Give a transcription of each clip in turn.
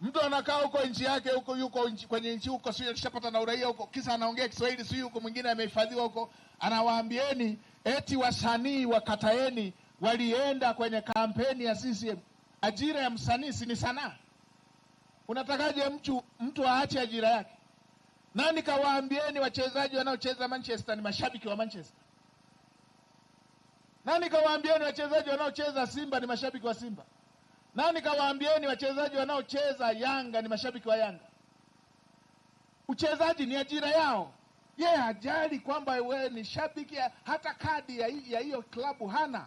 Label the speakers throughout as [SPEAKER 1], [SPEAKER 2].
[SPEAKER 1] Mtu anakaa huko nchi yake huko, yuko nchi, kwenye nchi huko, sio alishapata na uraia huko, kisa anaongea Kiswahili, sio huko mwingine amehifadhiwa huko, anawaambieni eti wasanii wakataeni walienda kwenye kampeni ya CCM. Ajira ya msanii si ni sanaa? Unatakaje mtu mtu aache ajira yake? Nani kawaambieni wachezaji wanaocheza Manchester ni mashabiki wa Manchester? Nani kawaambieni wachezaji wanaocheza Simba ni mashabiki wa Simba? nani kawaambieni wachezaji wanaocheza Yanga ni mashabiki wa Yanga. Uchezaji ni ajira yao. Yeye yeah, hajali kwamba we ni shabiki, hata kadi ya hiyo klabu hana.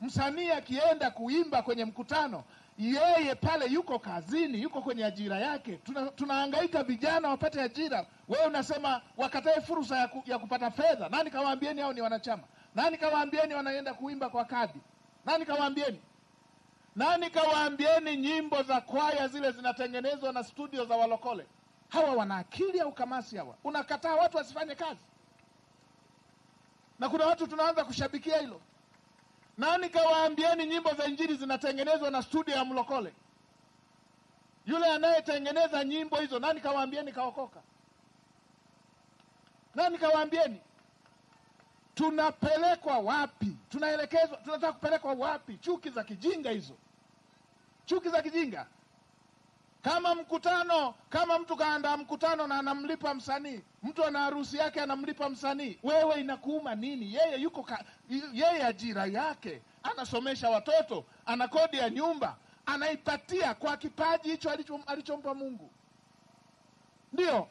[SPEAKER 1] Msanii akienda kuimba kwenye mkutano, yeye pale yuko kazini, yuko kwenye ajira yake. Tuna, tunahangaika vijana wapate ajira, wewe unasema wakatae fursa ya, ku, ya kupata fedha. Nani kawaambieni hao ni wanachama? Nani kawaambieni wanaenda kuimba kwa kadi? Nani kawaambieni? nani kawaambieni nyimbo za kwaya zile zinatengenezwa na studio za walokole. Hawa wana akili au kamasi? Hawa unakataa watu wasifanye kazi, na kuna watu tunaanza kushabikia hilo. nani kawaambieni nyimbo za Injili zinatengenezwa na studio ya mlokole, yule anayetengeneza nyimbo hizo. nani kawaambieni kaokoka? nani kawaambieni tunapelekwa wapi? Tunaelekezwa, tunataka kupelekwa wapi? Chuki za kijinga hizo, chuki za kijinga. Kama mkutano, kama mtu kaandaa mkutano na anamlipa msanii, mtu ana harusi yake anamlipa msanii, wewe inakuuma nini? Yeye yuko ka, yeye ajira yake anasomesha watoto, ana kodi ya nyumba anaipatia kwa kipaji hicho alichompa Mungu, ndio